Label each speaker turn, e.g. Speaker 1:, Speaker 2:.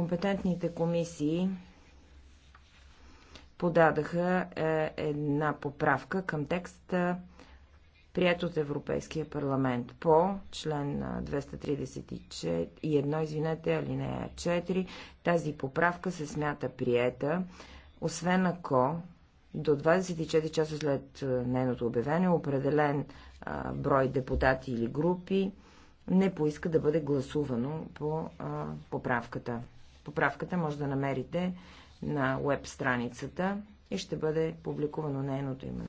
Speaker 1: Компетентните комисии подадаха е, една поправка към текста, прият от Европейския парламент по член 231, извинете, алинея 4. Тази поправка се смята приета, освен ако до 24 часа след нейното обявение определен брой депутати или групи не поиска да бъде гласувано по поправката. Поправката може да намерите на веб страницата и ще бъде
Speaker 2: публикувано нейното име.